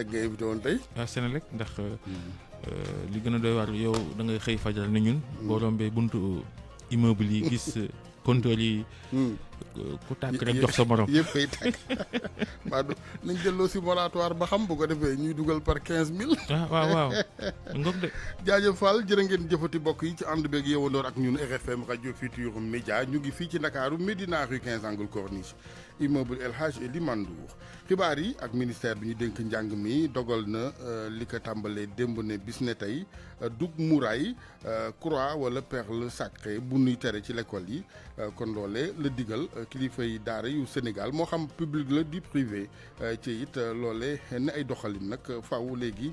rek nga invité woon tey. ndax. Euh, hmm. euh, li gën a doy waar yow da xëy fajal na ñun. Hmm. boo rombee buntu immeuble yi gis euh, compteur yi. Hmm. ku tàkk rek jox sa morom yëpp koy tàkk waa du nañ jëlloo si moratoire ba xam bu ko defee ñuy dugal par quinze mille ah, waaw waaw ngoog de jaajëf Fall jërë ngeen jëfati bokk yi ci ànd beeg yewandoor ak ñun RFM rajo Futurs Médias ñu ngi fii ci Ndakaaru Médina rue quinze angle Corniche immeuble El Hadj Mandour xibaar yi ak ministère bi ñu dénk njàng mi dogal na euh, li ko tàmbalee démb ne bis ne tey euh, dug muraay euh, croix wala perle sacrée bu nuy tere ci l'école yi kon loole la digal kilifa yi daara yu Sénégal moo xam public la di privé ci it loole ne ay doxalin nag faw léegi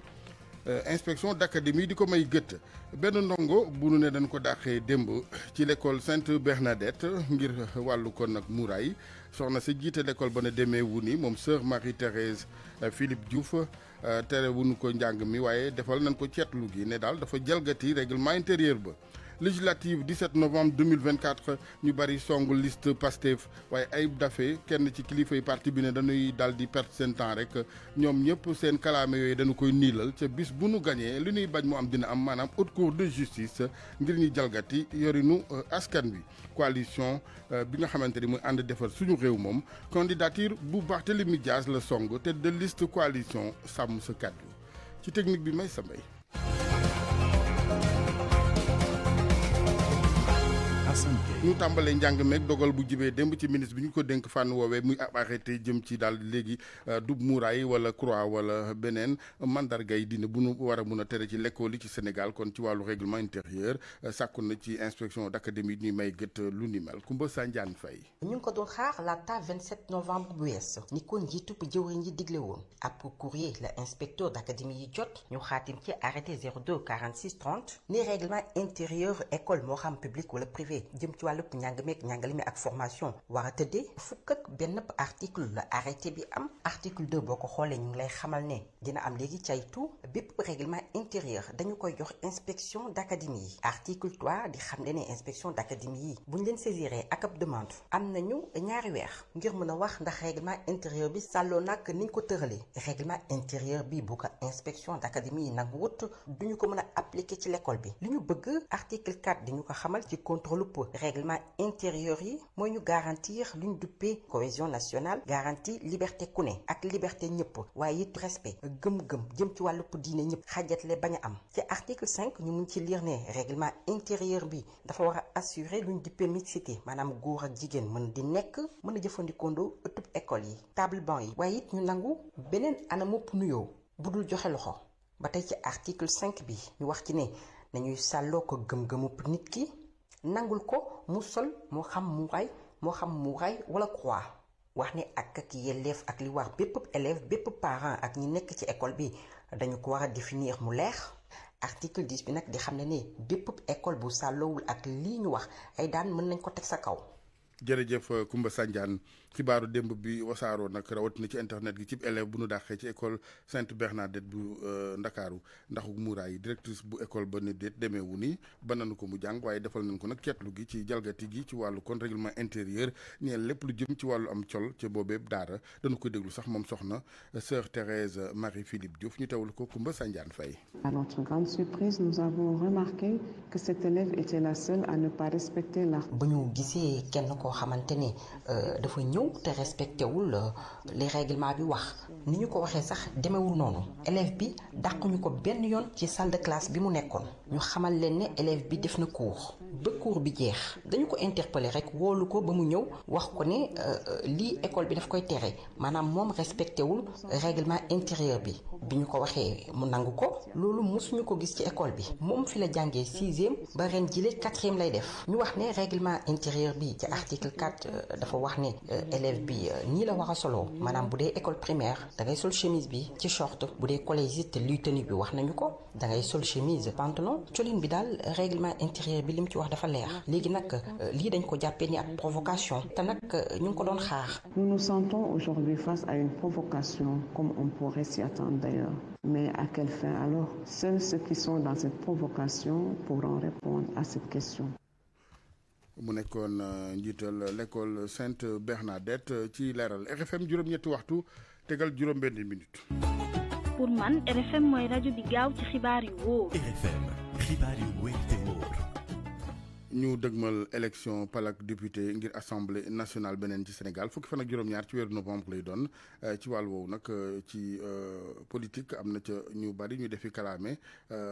inspection d'académie di ko may gëtt benn ndongo bu nu ne dañ ko dàqee démb ci l'école Sainte Bernadette ngir wàllu kon nag muraay soxna si jiite l'école ba na demee wu ni moom sœur Marie-Thérèse euh, Philippe Diouf euh, tere wuñu ko njàng mi waaye defal nañ ko ceetlu gi ne daal dafa jalgati règlement intérieur ba législative 17 novembre 2024 ñu bëri song liste Pastef waaye Ayib Daffé kenn ci kilifay parti bi ne dañuy daal di perte seen temps rek ñoom ñëpp seen kalaame yooyu dañu koy niilal ca bis bu nu gañee li ñuy bañ mu am dina am maanaam haute cour de justice ngir ñu jalgati yorinu euh, askan bi coalition euh, bi nga xamante ni muy ànd defar suñu réew moom candidature bu Barthélémy Dias la song te de liste coalition sàmm sa kàddu ci technique bi may sa mbay ñu tàmbalee njàng meeg dogal bu jibee démb ci ministre bi ñu ko dénk fànn woowee muy ab arrêté jëm ci daal léegi euh, dub muuraay wala croix wala beneen mandargay dina bu nu war a mun a tere ci lekkool yi ci Sénégal kon ci wàllu règlement intérieur euh, sàkku na ci inspection d'académie ñuy may gët euh, lu ni mel Kumba Sanjaan Fay ñu ko doon xaar laata 27 novembre bu wees ni ko njiitu jëwriñ ji digle woon ab courrier la inspecteur d'académie yi jot ñu ci arrêté 02 46 30 ni jëm ci wàllub njàng meeg njàngale mi ak formation war a tëddee fukk ak benn article la arrêté bi am article boo ko xoolee ñu ngi lay xamal ne dina am léegi caytu bépp règlement intérieur dañu koy jox inspection d'académie yi article 3 di xam le ne inspection d'académie yi buñ leen saisiree ak ab demande am na ñu ñaari weex ngir mën a wax ndax règlement intérieur bi sàlloo nag niñ ko tëralee règlement intérieur bi bu ko inspection d'académie yi nag wut duñu ko mën a appliquer ci bi ëpp règlement intérieur yi mooy ñu garantir lu ñu duppee cohésion nationale garantie liberté ku ne ak liberté ñëpp waaye it respect gëm-gëm jëm ci wàllu diine ñëpp xajatle bañ a am ci article 5 ñu mun ci lire ne règlement intérieur bi dafa war a assurer lu ñu duppee mixité maanaam góor ak jigéen mën di nekk mën a jëfandikoondoo ëttub école yi table banc yi waaye it ñu nangu beneen anamup nuyoo bu dul joxe loxo ba tey ci article bi ñu wax ci ne nañuy nangul ko mu sol moo xam muuraay moo xam muuraay wala croix wax ne ak ak yelleef ak li war bépp élève bépp parent ak ñi nekk ci école bi dañu ko war a définir mu leer article 10 bi nag di xam ne ni bépp école bu sàlloowul ak lii ñu wax ay daan mën nañ ko teg sa kaw jërëjëf Kumba euh, Sandiane xibaaru démb bi wasaaroo nag rawatina ci internet gi cib élève bu nu dàqee ci école Sainte Bernadette bu euh, Ndakaaru ndaxu muuraay yi directrice bu école ba ne déet demeewu ni ba nanu ko mu jàng waaye defal nañ ko nag ceetlu gi ci jalgati gi ci wàllu kon règlement intérieur ñeel lépp lu jëm ci wàllu am col ca boobee daara dana ko déglu sax moom soxna euh, sœur Thérèse Marie Philippe Diouf ñu teewlu ko Kumba Sandiane Faye. À notre grande surprise nous avons koo xamante ne euh, dafa ñëw te respecté wul euh, les règlement bi wax ni ñu ko waxee sax demewul noonu élève bi dàq ñu ko benn yoon ci salle de bi mu nekkoon ñu xamal leen ne élève bi def na cours ba cours bi jeex dañu ko interpeller rek woolu ko ba mu ñëw wax ko ne euh, lii école bi daf koy tere maanaam moom respecté wul règlement intérieur bi bi ñu ko waxee mu nangu ko loolu mosuñu ko gis ci école bi moom fi la jàngee sixième ba ren jile quatrième lay def article euh, dafa wax ne euh, élève bi euh, nii la war a soloo maanaam bu dee école primaire da ngay sol chemise bi ci short bu dee college it luy nie bi wax nañu ko da ngay sol chemise pantalon colline bi daal règlement intérieur bi li mu ci wax dafa leer léegi nag lii dañ ko jàppee ni ab provocation te nag ñu ngi ko doon xaar. Nous nous sentons aujourd'hui face à une provocation comme on pourrait s'y attendre d'ailleurs. Mais à quelle fin alors? Seuls ceux qui sont dans cette provocation à cette mu nekkoon euh, njiital euh, l'école Sainte Bernadette euh, ci leeral RFM juróom-ñetti waxtu tegal juróom-benn minute. pour man RFM mooy rajo bi gaaw ci xibaar yu wóor. ñu dëgmal élection palak député ngir assemblée nationale beneen ci Sénégal fukki fan ak juróom-ñaar ci weeru novembre lay doon euh, ci wàll woowu nag euh, ci euh, politique am na ca ñu bari ñu defi kalaame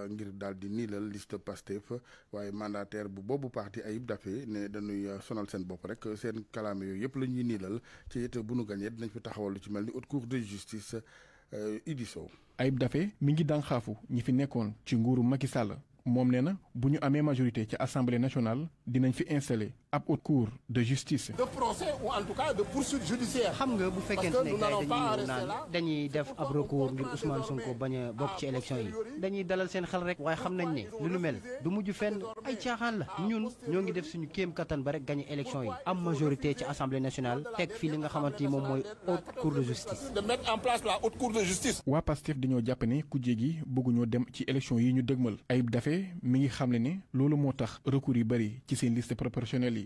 ngir daal di niilal liste Pastef waaye mandataire bu boobu parti Ayib Daffé ne dañuy sonal seen bopp rek seen kalaame yooyu yëpp la ñuy niilal ci it bu nu gañee dinañ fi taxawal lu ci mel ni haute cour de justice Idi Sow. Ayib Daffé mi ngi daan ñi fi nekkoon ci nguuru Macky Sall moom nee na bu ñu amee majorité ci assemblée nationale dinañ fi installé ab haute cour xam nga bu fekkente ne gars yi dañuy naan dañuy def ab recours ngir Ousmane Sonko bañ a bokk ci élection yi. dañuy dalal seen xel rek. waaye xam nañ ne lu nu mel du mujj fenn ay caaxaan la ñun ñoo ngi def suñu kéem kattan ba rek gagné élection yi. am majorité ci assemblée nationale teg fii li nga xamante ni moom mooy haute cour de justice. de mettre en place la haute cour de justice. waa Pastef dañoo jàpp ne kuje bëgguñoo dem ci élection yi ñu dëgmal. Ayib Daffé mi ngi xamle ne loolu moo tax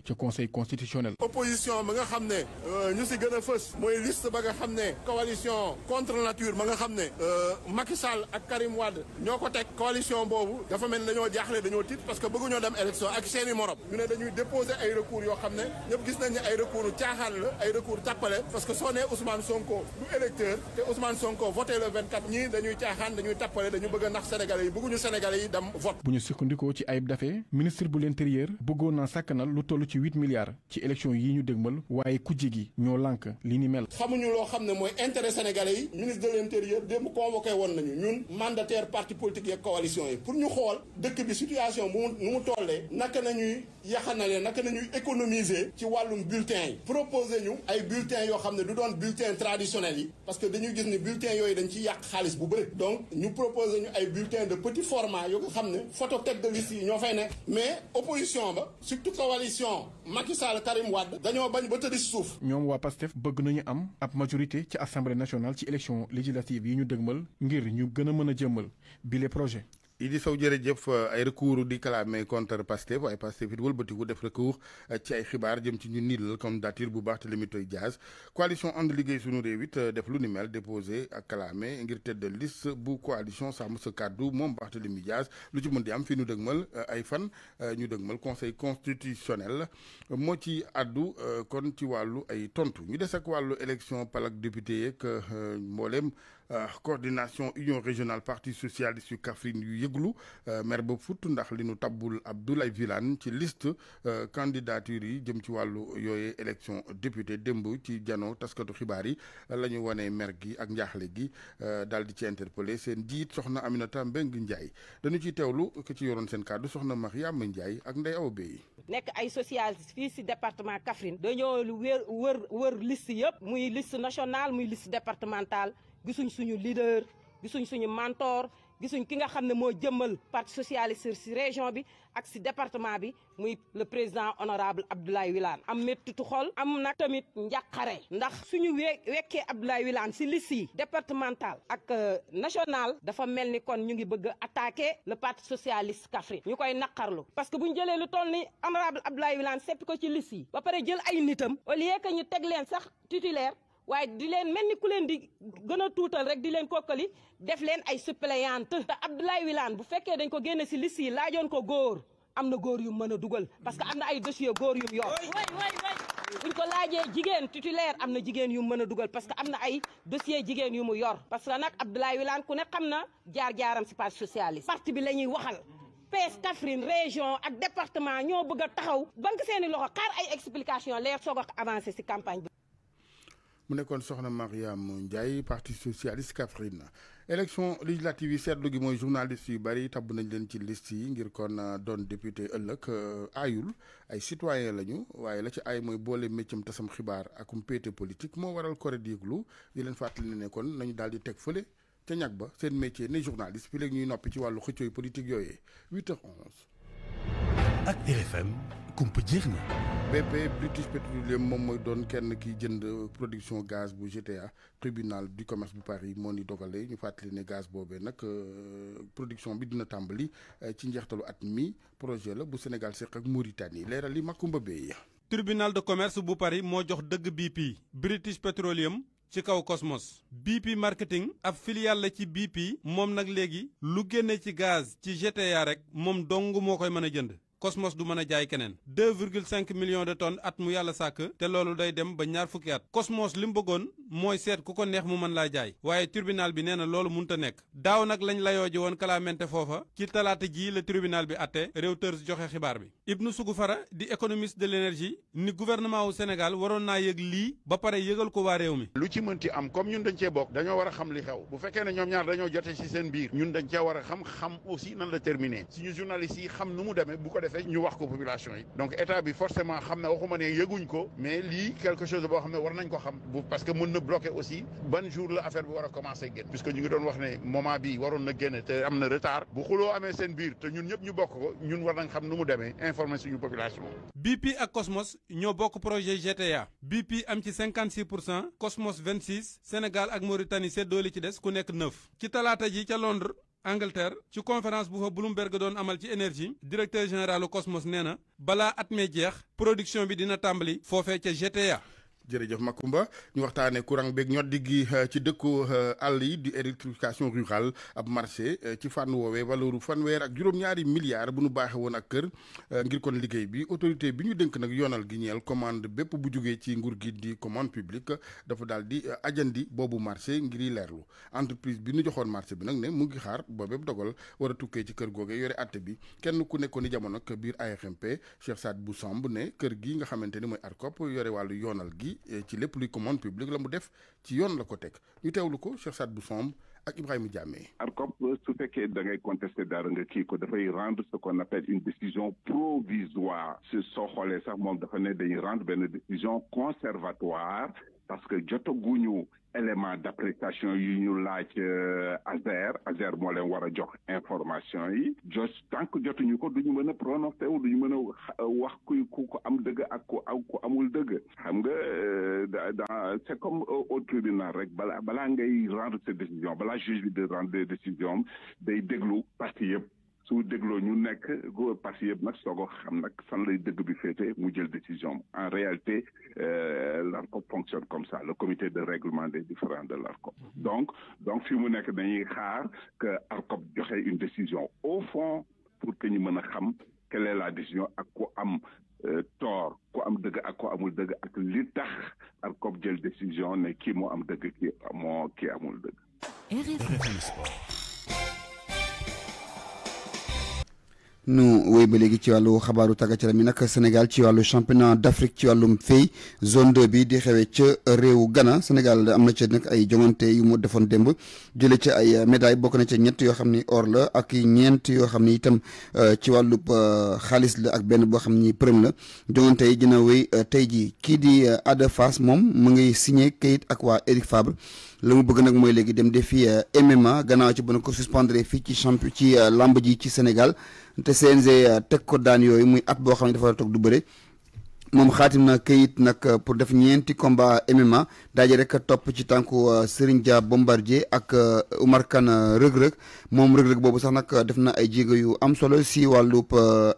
yi ca conseil constitutionnel. opposition ba nga xam ne euh, ñu si gën fës mooy liste ba nga xam ne coalition contre nature ma nga xam ne euh, Macky Sall ak Karim Wade ñoo ko teg coalition boobu dafa mel ni dañoo jaaxle dañoo tiit parce que bëgguñoo dem élection ak seen i morom ñu ne dañuy déposer ay recours yoo xam ne ñëpp gis nañ ne ay recours caaxaan la ay recours tàppale parce que soo nee Ousmane Sonko du électeur te Ousmane Sonko voté le 24 ñii dañuy caaxaan dañuy ñu sukkandikoo ci Ayib Daffé ministre bu l'intérieur bëggoon ci huit milliards ci élection yi ñu dégmal waaye kujje gi ñoo lànk li ni mel. xamuñu loo xam ne mooy intérêt sénégalais yi. ministre de l' intérieur démb convoqué woon nañu ñun mandataire parti politique yeeg coalition yi pour ñu xool dëkk bi situation bu mu nu mu tollee naka nañuy yaxanale naka nañuy économiser ci wàllum bulletin yi. proposé ñu ay bulletins yoo xam ne du doon bulletin traditionnel yi parce que dañuy gis ne bulletins yooyu dañ ci yàq xaalis bu bëri. donc ñu proposé ay bulletins de petit format yoo xam ne photo tête de yi ñoo fay nekk mais opposition ba surtout coalition non Macky Sall Karim Wade dañoo bañ ba tëddi si suuf. ñoom waa PASTEF bëgg nañu am ab majorité ci assemblée nationale ci élection législative yi ñu dëgmal ngir ñu gën a mën a jëmmal bile projet. Idi Sow jërëjëf euh, ay recours di clamé contre Pastef waaye Pastef it wëlbatiku def recours euh, ci ay xibaar jëm ci ñu niilal candidature bu baax te li mu toy Dias coalition ànd liggéey sunu réew it euh, def lu ni mel déposé ak clamé ngir tête de liste bu coalition sàmm sa kàddu moom baax te li mu lu ci mën di am fi ñu dëgmal ay fan ñu dëgmal conseil constitutionnel moo ci addu kon ci wàllu ay tontu ñu des ak wàllu élection palak député yeeg mbooleem Euh, coordination union régionale parti socialiste yu Kaffrine yu yëglu euh, maire ba fut ndax li nu tabbul Abdoulaye Wilane ci liste euh, candidature yi jëm ci wàllu yooyee élection député démb ci jano taskatu xibaar yi la ñu wanee maire gi ak njaaxle gi daal di ci interpellé seen jiit soxna Aminata Mbengue Ndiaye dañu ci teewlu ki ci yoroon seen kàddu soxna max Mariama Ndiaye ak Ndeye Awa Bey nekk ay socialiste fii si département Kaffrine dañoo wër wër wër liste yëpp muy liste nationale muy gisuñ suñu leader gisuñ suñu mentor gisuñ ki nga xam ne moo jëmmal parti socialiste si région bi ak si département bi muy le président honorable Abdoulaye Wilane am méttitu xol am na tamit njaqare ndax suñu we wekkee Abdoulaye Wilane si liste yi départemental ak euh, national dafa mel ni kon ñu ngi bëgg attaquer le parti socialiste Kaffrine ñu koy naqarlu parce que bu ñu jëlee lu toll ni honorable Abdoulaye Wilane seppi ko ci liste yi ba pare jël ay nitam au lieu que ñu teg leen sax titulaire waaye di leen mel ni ku leen di gën a tuutal rek di leen kokkali def leen ay suppléante te Abdoulaye Wilane bu fekkee dañ ko génne si liste yi laajoon ko góor am na góor yu mën a dugal parce que am na ay dossier góor yu yor buñ ko laajee jigéen titulaire am na jigéen yu mën a dugal parce que am na ay dossier jigéen yu mu yor parce que nag Abdoulaye Wilane ku ne xam na jaar-jaaram si parti socialiste parti bi la ñuy waxal PS Kaffrine région ak département ñoo bëgg a taxaw banque seeni loxo xaar ay explication leer soog avancé si campagne bi mu nekkoon soxna Mariam Ndiaye parti socialiste Kaffrine élection législative yi seetlu gi mooy journaliste yu bëri tabb nañ leen ci liste yi ngir kon euh, doon député ëllëg euh, ayul ay citoyen lañu waaye la ci ay mooy boole méccam tasam xibaar akum pété politique moo waral kore diiglu yi leen fàttali ne kon nañu daal di teg fële ca ñag ba seen métier ne journaliste fi léegi ñuy noppi ci wàllu xëccooy politique yooyee 8h11. ak RFM. kumpa jeex British Petroleum moom mooy doon kenn ki jënd production gaz bu GTA tribunal di commerce bu Paris moo ni dogale ñu fàttali ne gaz boobee nag euh, production bi dina tàmbali euh, ci njeextalu at mi projet la bu Sénégal seq ak Mauritanie leeral yi Makumba Bey. tribunal de commerce bu Paris moo jox dëgg BP British Petroleum. ci kaw Cosmos BP marketing ab filiale la ci BP moom nag léegi lu génne ci gaz ci GTA rek moom dong moo koy mën a jënd Cosmos du mën a jaay keneen 2,5 millions de tonnes at mu yàlla sàkk te loolu day dem ba ñaar fukki at Cosmos li mu bëggoon mooy seet ku ko neex mu mën laa jaay waaye tribunal bi nee na loolu munta nekk daaw nag lañ layoo ji woon kalaamente foofa ci talaata ji la tribunal bi atte Reuters joxe xibaar bi Ibnu Sugufara di économiste de l'énergie ni gouvernement wu waroon naa yëg lii ba pare yëgal ko waa réew mi lu ci mënti am comme ñun dañ cee bokk dañoo war a xam li xew bu fekkee ne ñoom ñaar dañoo jote ci seen biir ñun dañ cee war a xam xam aussi nan la terminé xam nu mu demee bu ko defee ñu wax ko population yi donc état bi forcément xam ne xam ne war nañ ko xam a bloqué ban jour la affaire bi war a commencé génn puisque ngi doon wax ne moment bi waroon na génne te am na retard bu seen biir te ñun ñëpp ñu bokk ko ñun mu demee informer suñu population. BP ak Cosmos ñoo bokk projet GTA BP am ci 56 pour cent Cosmos 26 Sénégal ak Mauritanie seddooli ci des ku nekk 9 ci talaata ji ca Londres. Angleterre ci conférence bu fa Bloomberg doon amal ci énergie directeur général Cosmos nee na balaa at mee jeex production bi dina tàmbali foofee ca GTA jërëjëf Makumba ñu waxtaanee courant beeg ñoddi gi euh, ci dëkku euh, àll yi di électrification rurale ab marché euh, ci fànn woowee valeuru fanweer ak juróom-ñaari milliards bu nu baaxe woon ak kër ngir kon liggéey bi autorité bi ñu dénk nag yoonal gi ñeel commande bépp bu jógee ci nguur gi di commande publique dafa daal di ajandi boobu marché ngir leerlu entreprise bi nu joxoon marché bi nag ne mu ngi xaar boobépp dogal war a tukkee ci kër googe yore àtte bi kenn ku nekkoon ni jamono ak biir ARMP Cheikh Saad bu Samb ne kër gi nga xamante ni mooy ARCOP yore wàllu yoonal gi Euh, ci lépp luy commande publique la mu def ci yoon la ko teg ñu teew lu ko Cheikh bu Bou Somb ak Ibrahima Diamé. ARCOP euh, su fekkee da ngay contester dara nga kii ko dafay rendre ce qu'on appelle une décision provisoire su soo xoolee sax moom dafa ne dañuy rendre benn décision conservatoire parce que jotaguñu élément d'appréciation yu ñu laaj euh, ASER ASER moo leen war a jox information yi jos tant jotuñu ko du duñu mën a prononcé wu duñu mën a wax ku ku ko am dëgg ak ku ku amul dëgg xam nga euh, dans c'est comme au tribunal rek bala balaa ngay rendre cette décision balaa juge bi de rendre décision day déglu parti yëpp su dégloo ñu nekk go parti yëpp nag soo xam nag san lay dëgg bi féete mu jël décision en réalité euh, l'ARCOP fonctionne comme ça le comité de règlement des différends de l'ARCOP mhm. donc donc fi mu nekk dañuy xaar que ARCOP joxe une décision au fond pour que ñu mën a xam quelle la décision ak ku am euh, tort ku am dëgg ak ku amul dëgg ak li tax ARCOP jël décision ne kii moo am dëgg kii moo kii amul dëgg nu wéy ba léegi ci wàllu xabaaru tàggat yaram mi nag Sénégal ci wàllu championnat d'Afrique ci wàllum fey zone de bi di xewee ca réew Ghana Sénégal am na ca nag ay jongante yu mu defoon démb jële ca ay médaille bokk na ca ñett yoo xam ni or la ak ñeent yoo xam ni itam euh, ci wàllub euh, xaalis la ak benn boo xam ni përëm la jongante yi dina wéy euh, tey jii kii di Ada Fass moom mu ngi signé kayit ak waa Eric Fabre la mu bëgg nag mooy léegi dem defi MMA gannaaw ci bu na fii ci champ ci lamb ji ci Sénégal te CNG euh, teg ko daan yooyu muy at boo xam ne dafa toog du bëre moom xaatim na kayit nag euh, pour def ñeenti combat MMA daaj rek topp ci tànku euh, Serigne Dia Bombardier ak Umar Kane rëg-rëg moom rëg-rëg boobu sax nag def na ay jéego yu am solo si wàllub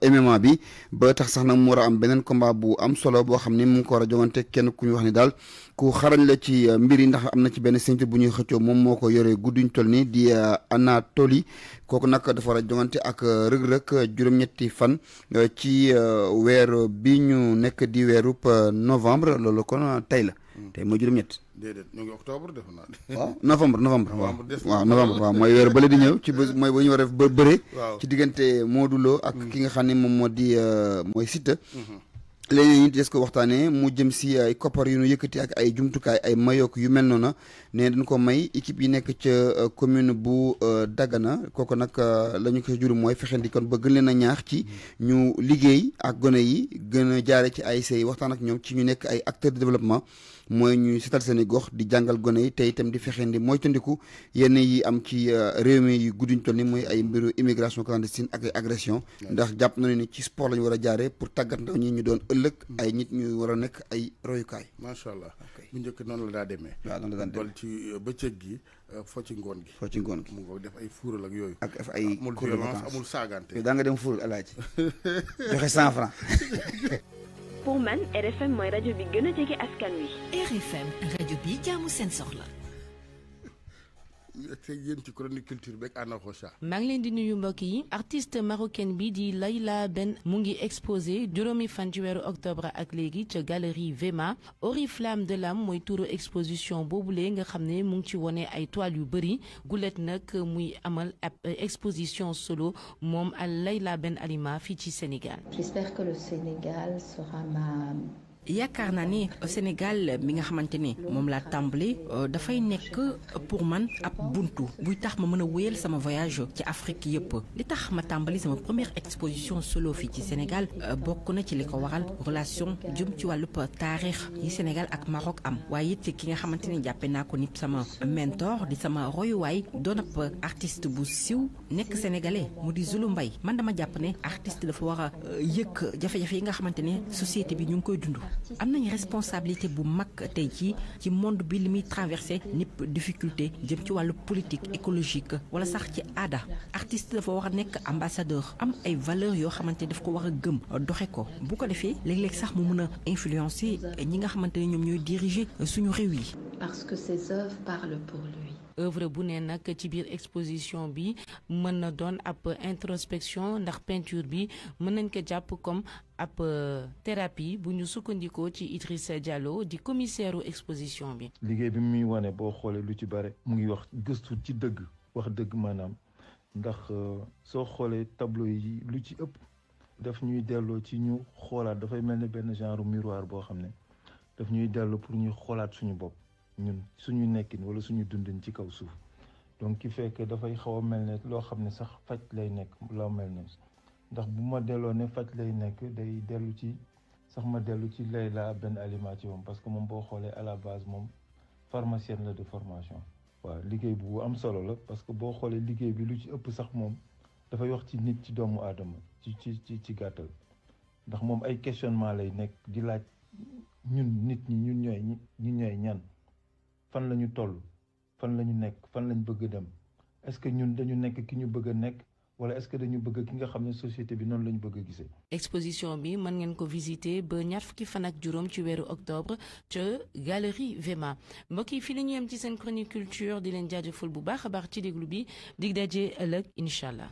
MMA bi ba tax sax na mu war am beneen combat bu am solo boo xam ni mu ngi ko war a jongante kenn ku wax ni daal ku xarañ la ci mbir yi ndax am na ci benn ceinture bu ñuy xëccoo moom moo ko yoree gudduñ toll ni di Anatoly kooku nag dafa war a jongante ak euh, rëg-rëg euh, juróom-ñetti fan euh, ci weer bi ñu nekk di weerub novembre loolu kon tey la hmm. te mooy juróom-ñett. déedéet ñu ngi octobre def naa. waaw novembre novembre. waaw novembre waaw mooy weer bële di ñëw ci bés mooy bu ñu war a def ba bëre. ci diggante Modou Lo ak hmm. ki nga xam ne moom moo di mooy Siteu. Hmm. léeg-léeg ñu des ko waxtaanee mu jëm si uh, ay koppar yu nu yëkkati ak ay jumtukaay ay mayook yu mel noonu ne dañ ko may équipe yi nekk ca uh, commune bu uh, Dagana kooku nag la ñu ko jur mooy fexendi kon ba gën leen a ñaax ci ñu liggéey ak gone yi gën a jaare ci ay say waxtaan ak ñoom ci ñu nekk ay acteur de développement mooy ñu setal seen gox di jàngal gone yi tey itam di fexendi mooy tandiku yenn yi am ci réew mi yu gudduñ toll ni mooy ay mbiru immigration clandestine ak agression ndax jàpp ëllëg mm. ay nit ñu war a nekk ay royukaay. macha allah bu njëkk noonu la daa demee. waaw noonu la daan demee ci euh, bëccëg gi euh, foo ci ngoon gi. foo ci ngoon gi mu ngoog def ay fuural ak yooyu. ak ay ah, amul violence amul saagante. yow nga dem fuural alaaji joxe cent franc. pour man RFM mooy rajo bi gën a jege askan wi. RFM rajo bi jaamu seen soxla. ak yéen ci chronique culture beeg Anna leen di nuyu mbokk yi artiste marocaine bi di Layla Ben mu ngi exposé juróomi fan ci octobre ak léegi ca galerie Vema Oriflamme de l'âme mooy turu exposition boobu boobule nga xam ne mu ngi ci wone ay toiles yu bëri gulet nag muy amal ab euh, exposition solo moom Layla benn Alima fii ci Sénégal. yaakaar naa ni Sénégal mi nga xamante ni moom laa tàmbali euh, dafay nekk pour man ab buntu buy tax ma mën a wéyal sama voyage ci Afrique yëpp li tax ma tàmbali sama première exposition solo fii ci Sénégal euh, bokk na ci li ko waral relation jëm ci wàllub taarix yi Sénégal ak Maroc am waaye it ki nga xamante ni jàppe naa ko nit sama mentor di sama royuwaay doon ab artiste bu siw nekk sénégalais mu di Zulu mbay man dama jàpp ne artiste dafa war a euh, yëkk jafe-jafe yi nga xamante ne société bi ñu ngi koy dund am nañu responsabilité bu mag tey ci ci monde bi li muy traversé ñëpp difficulté jëm ci wàllu politique écologique wala sax ci aada artiste dafa war a nekk ambassadeur am ay valeurs yoo xamante daf ko war a gëm doxe ko bu ko defee léeg-léeg sax mu mën a influencer ñi nga xamante ne ñoom ñuy diriger suñu réew yi. que ses œuvre bu ne nag ci biir exposition bi mën na doon ab introspection ndax peinture bi mën nañ ko jàpp comme ab euh, thérapie bu ñu sukkandikoo ci Idrissa Diallo di commissaire exposition bi. liggéey bi muy wane boo xoolee lu ci bare mu ngi wax gëstu ci dëgg wax dëgg maanaam ndax euh, soo xoolee tableau yi lu ci ëpp daf ñuy delloo ci ñu xoolaat dafay mel ni benn genre miroir boo xam ne daf ñuy delloo pour ñuy xoolaat suñu bopp. ñun suñu nekkin wala suñu dundin ci kaw suuf donc ki fekk dafay xaw a mel ne loo xam ne sax faj lay nekk loo mel ne ndax bu ma delloo ne faj lay nekk day dellu ci sax ma dellu ci Layla benn aliment ci moom parce que moom boo xoolee à la base moom pharmacienne la de formation. waaw liggéey bu am solo la parce que boo xoolee liggéey bi lu ci ëpp sax moom dafay wax ci nit ci doomu aadama ci ci ci gàttal ndax moom ay questionnement lay nekk di laaj ñun nit ñun ñooy ñi ñun ñooy ñan. fan la ñu toll fan la ñu nekk fan lañ bëgg dem est-ce que ñun dañu nekk ki ñu bëgg a nekk wala est-ce que dañu bëgg ki nga xam ne société bi noonu la ñu bëgg a gisee. exposition bi mën ngeen ko visiter ba ñaar fukki fan ak juróom ci weeru octobre ca galerie Vema mbokk yi fii la ñu ci seen chronique culture di leen jaajëfal bu baax a baax ci déglu bi dig daje ëllëg incha allah.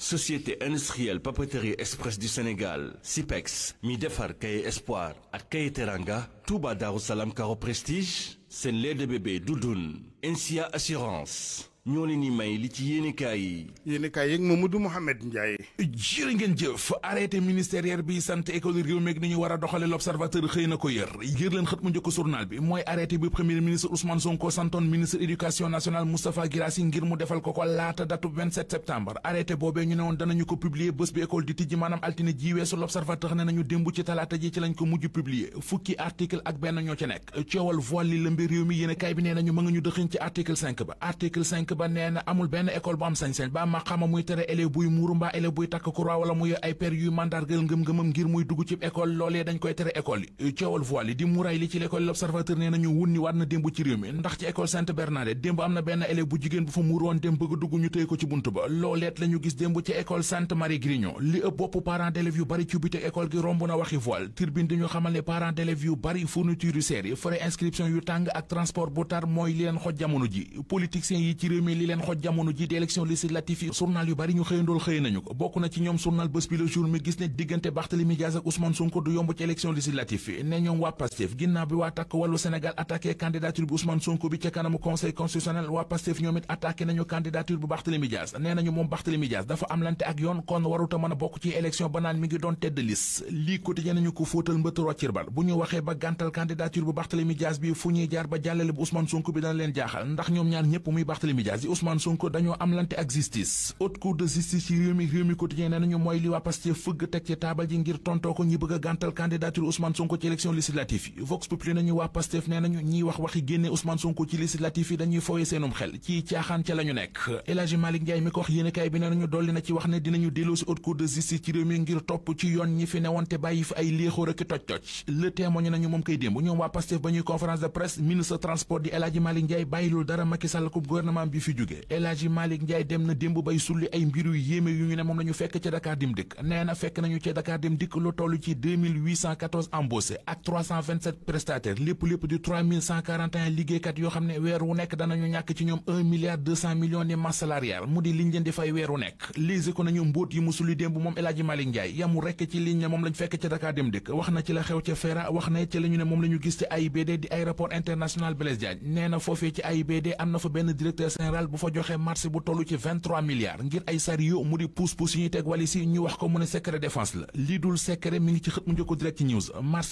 société industrielle papeterie express du Sénégal SIPEX mi defar kaye espoir ak kaye teranga Touba Darou Salam Caro Prestige seen lait de bébé Doudoune NSIA assurance ñoo leen di may li ci yéenekaay yi. yéenekaay yeeg Mamadou Mouhamed Ndiaye. jërë ngeen jëf arrêté ministériel bi sant économie réew meeg ni ñu war a doxale l'observateur xëy na ko yër yër leen xët mu njëkk journal bi mooy arrêté bi premier ministre Ousmane Sonko santoon ministre éducation nationale Moustapha Guirassy ngir mu defal ko ko laata datu 27 septembre boobee ñu ne woon danañu ko publier bés bi école di tijji maanaam altine ji weesu l'observateur dëkk ba nee na amul benn école bu am sañ ba maqaama muy tere élève buy muuru mbaa buy takk croix wala muy ay per yuy mandargal ngëm-ngëmam ngir muy dugg ci école loolee dañ koy tere école yi euh, coowal voile di muuraay li ci l'école l'observateur nee na ñu waat na démb ci réew mi ndax ci école Sainte Bernadette démb am na benn élève bu jigéen bu fa muur woon bëgg dugg ñu tëy ko ci bunt ba looleet la gis démb ci école Sainte Marie Grignon li ëpp yu bari ci biti réew mi li leen xoj jamono ji di élection législative yi journal yu bari ñu xëyandool xëy ko bokk na ci ñoom journal bés bi le jour mi gis ne diggante Barthélemy Dias ak Ousmane Sonko du yomb ci élection législative yi ne ñoom waa Pastef ginnaaw bi waa takk wàllu Sénégal attaqué candidature bu Ousmane Sonko bi ca kanamu conseil constitutionnel waa Pastef ñoom it attaqué nañu candidature bu Barthélemy Dias nee nañu moom Barthélemy Dias dafa am lante ak yoon Dias nee nañu mooy li waa yi génne Ousmane Sonko ci législative yi dañuy fooye seenum xel ci caaxaan ca la nekk El Hadji Malick mi ko wax yéenekaay bi nee nañu dolli na ci wax ne dinañu delloosi haute cour de justice ci réew mi ngir topp ci yoon ñi fi newoon te bàyyi fi ay léexóor ak toj toj le témoin nañu moom koy démb ñoom waa Pastef ba ñuy conférence de presse ministre transport di El Hadji Malick bàyyilul dara Macky Sall ko gouvernement bi bi fi jógee El Hadji Malick dem na démb bay sulli ay mbiru yéeme yu ñu ne moom la fekk ca Dakar Dem Dikk nee na fekk nañu ca Dakar Dem Dikk lu toll ci 2814 ak 327 lépp lépp di 3141 liggéeykat yoo xam ne weer wu nekk danañu ñàkk ci ñoom 1 de masse salariale di liñ leen di fay nañu mbóot yi mu sulli démb moom El Hadji Malick Ndiaye rekk ci liñ ne moom lañ fekk ca Dakar Dem Dikk wax na ci la xew ca Fera wax na ci la ne général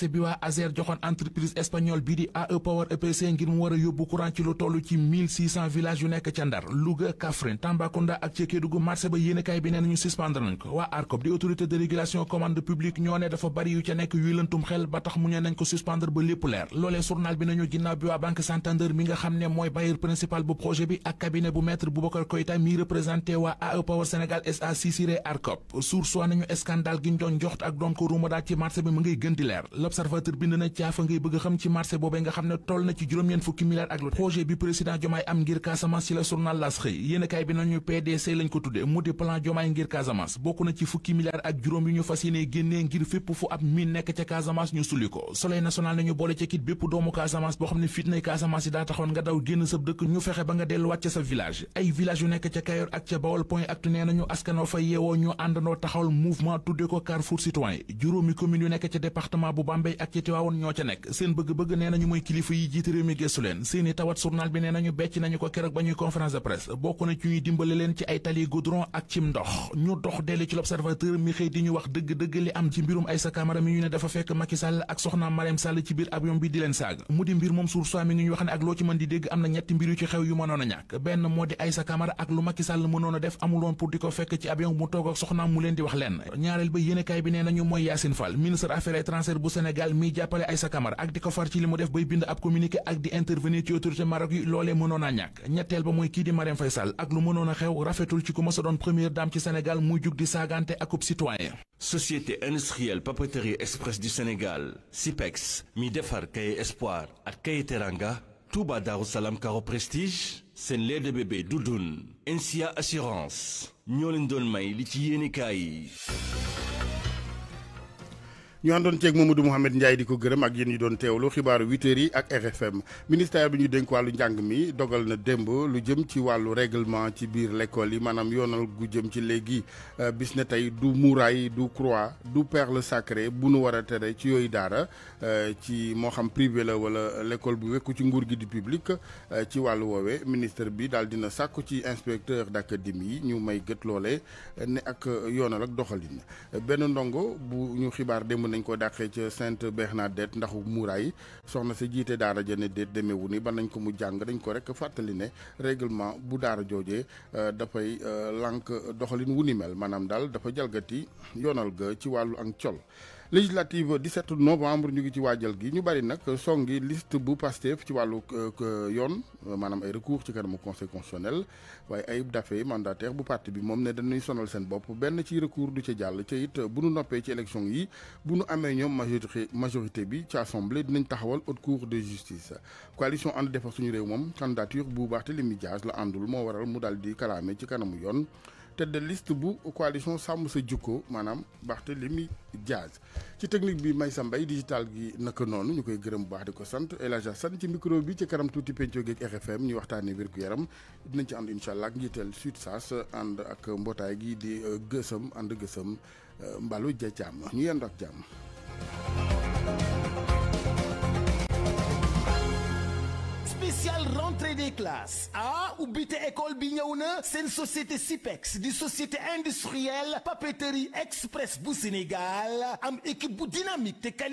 bi waa ASER joxoon entreprise espagnole bii di AE Power EPC ngir mu war a yóbbu courant ci lu toll ci 1600 yu nekk ca Ndar Louga Kaffrine Tambacounda ak ci Kédougou marché ba yéenekaay bi nee nañu suspendre nañ ko waa ARCOP di autorité de régulation commande publique ñoo ne dafa bari yu ca nekk yuy xel ba tax mu ne nañ ko suspendre ba lépp leer loolee journal bi nañu ginnaaw bi waa Banque Santander mi nga xam ne mooy bailleur principal bu projet cabinet bu maître Boubacar Koita mi représenté waa AE Power Sénégal SA Sisiré Arcop sursoi nañu scandale gi njoon njoxt ak doon ko ruumadaat ci marché bi mu ngay gën di leer l'observateur bind na caafa ngay bëgg xam ci marché boobee nga xam ne toll na ci juróom-ñeent fukki milliards ak lu bi président Diomaye am ngir Casamance ci la journal Las xëy yéen kaay bi nañu PDC lañ ko tudde mu di plan Diomaye ngir Casamance bokk na ci fukki milliards sa ay village yu nekk ca Kayor ak ca Bawol point actu nee nañu askanoo fa yeewoo ñu àndandoo taxawal mouvement tudde ko Carrefour citoyen juróomi commune yu nekk ca département bu Bambey ak ca Tivaouane ñoo ca nekk seen bëgg-bëgg nee nañu mooy kilifa yi jiite mi gëstu leen seeni tawat journal bi nee nañu becc nañu ko keroog ba ñuy conférence de presse bokk na ci ñuy dimbale leen ci ay tali goudron ak cim ndox ñu dox dellu ci l'observateur mi xëy benn moo di sa Camara ak lu Macky Sall mënoon a def amuloon pour di ko fekk ci avion mu toog ak soxnaam mu leen di wax lenn ñaareel ba yéenekaay bi nee nañu mooy Yacine Fall ministre affaires étrangères bu Sénégal miy jàppale Aïssa Camara ak di ko far ci li mu def bay bind ab communiqué ak di intervenir ci autorité Maroc yi loolee mënoon a ñàkk ñetteel ba mooy kii di Marème Faye Sall ak lu mënoon a xew rafetul ci ku mësa doon première dame ci Sénégal muy jug di saagante akub citoyen société industrielle papeterie express du Sénégal SIPEX mi defar Kaye Espoir ak Kaye Teranga Touba Darou salaam Caro Prestige seen lait de du Doudoune NSIA assurance ñoo leen doon may li ci yéenekaay yi ñu àndoon ceeg Mamadou Mouhamed Ndiaye di ko gërëm ak yéen ñi doon teewlu xibaaru 8 yi ak RFM ministère bi ñu dénk wàllu njàng mi dogal na démb lu jëm ci wàllu règlement ci biir l'école yi maanaam yoonal gu jëm ci léegi euh, bis ne tey du muraay du croix du la sacrée bu nu war a tere ci yooyu daara euh, ci moo xam privé la wala lekool bu wekku ci nguur gi di public euh, ci wàllu woowe ministre bi daal dina sàkku ci inspecteur d'académie yi ñu may gët loole ak yoonal ak doxalin nañ ko dàqee ca Sainte Bernadette ndaxu muuraay soxna si jiite daara ja ne déet demeewu ni ba nañ ko mu jàng dañ ko rek fàttali ne règlement bu daara joojee euh, dafay euh, lànk doxalin wu ni mel maanaam daal dafa jalgati yoonal ga ci wàllu ak col législative 17 novembre ñu ngi ci waajal gi ñu bari nag songi list bu Pastef ci wàllu yoon euh, maanaam ay recours ci kanamu conseil constitutionnel waaye ay Daffé mandataire bu parti bi moom ne dañuy sonal seen bopp benn ci recours du ca jàll ca it bu nu noppee ci élection yi bu nu amee ñoom majorité majorité bi ci assemblée dinañ taxawal haute cour de justice coalition ànd defar suñu réew moom candidature bu baax Barthélémy Dias la àndul moo waral mu daal di kalaame ci kanamu yoon tête de bu coalition sàmm sa jikko maanaam Barthélémy Diaz ci technique bi may Maysa Mbaye digital gi naka noonu ñu koy gërëm bu baax di ko sant El sant ci micro bi ci kanam tuuti pencoo geeg RFM ñu waxtaanee wér-gu-yaram dinañ ci ànd incha allah ak njiital Sud Sas ànd ak mbootaay gi di euh, gësëm ànd gësëm euh, mbalu ja jàmm ñu yendu ak jàmm. spécial rentrée des classes ah ubbite école bi ñëw na seen société SIPEX di société industrielle papeterie express bu Sénégal am équipe bu dynamique te